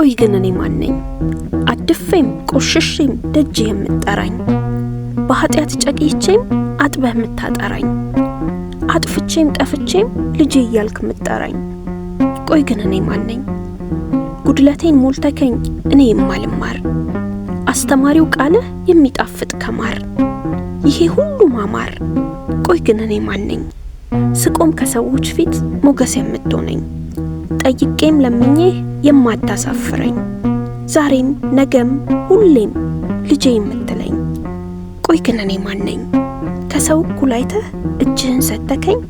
ቆይ ግን እኔ ማን ነኝ? አድፌም ቆሽሼም ደጅ የምጠራኝ በኃጢአት ጨቂቼም አጥበህ የምታጠራኝ አጥፍቼም ጠፍቼም ልጄ እያልክ ምጠራኝ ቆይ ግን እኔ ማን ነኝ? ጉድለቴን ሞልተከኝ እኔ የማልማር አስተማሪው ቃልህ የሚጣፍጥ ከማር ይሄ ሁሉ ማማር ቆይ ግን እኔ ማን ነኝ? ስቆም ከሰዎች ፊት ሞገስ የምትሆነኝ ጠይቄም ለምኜ የማታሳፍረኝ ዛሬም ነገም ሁሌም ልጄ የምትለኝ ቆይ ግን እኔ ማነኝ? ከሰው እኩል አይተህ እጅህን ሰተከኝ፣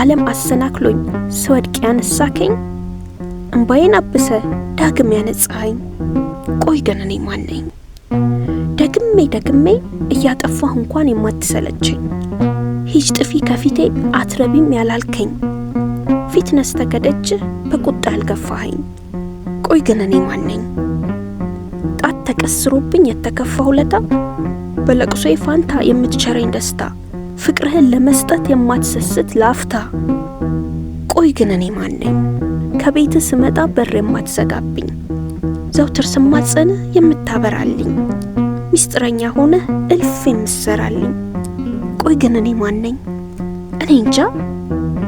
ዓለም አሰናክሎኝ ስወድቅ ያነሳከኝ፣ እምባዬን አብሰ ዳግም ያነጻኸኝ። ቆይ ግን እኔ ማነኝ? ደግሜ ደግሜ እያጠፋህ እንኳን የማትሰለችኝ ሂጅ ጥፊ ከፊቴ አትረቢም ያላልከኝ ፊትነስ ተከደች፣ በቁጣ አልገፋኸኝ። ቆይ ግን እኔ ማን ነኝ? ጣት ተቀስሮብኝ የተከፋ ሁለታ በለቅሶ ፋንታ የምትቸረኝ ደስታ ፍቅርህን ለመስጠት የማትሰስት ላፍታ። ቆይ ግን እኔ ማን ነኝ? ከቤት ስመጣ በር የማትዘጋብኝ ዘውትር ስማጸን የምታበራልኝ ሚስጥረኛ ሆነ እልፍ የምትሰራልኝ። ቆይ ግን እኔ ማን ነኝ? እኔ እንጃ።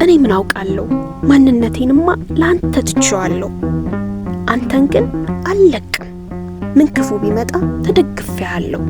እኔ ምን አውቃለሁ? ማንነቴንማ ለአንተ ትችዋለሁ። አንተን ግን አልለቅም። ምን ክፉ ቢመጣ ተደግፌያለሁ።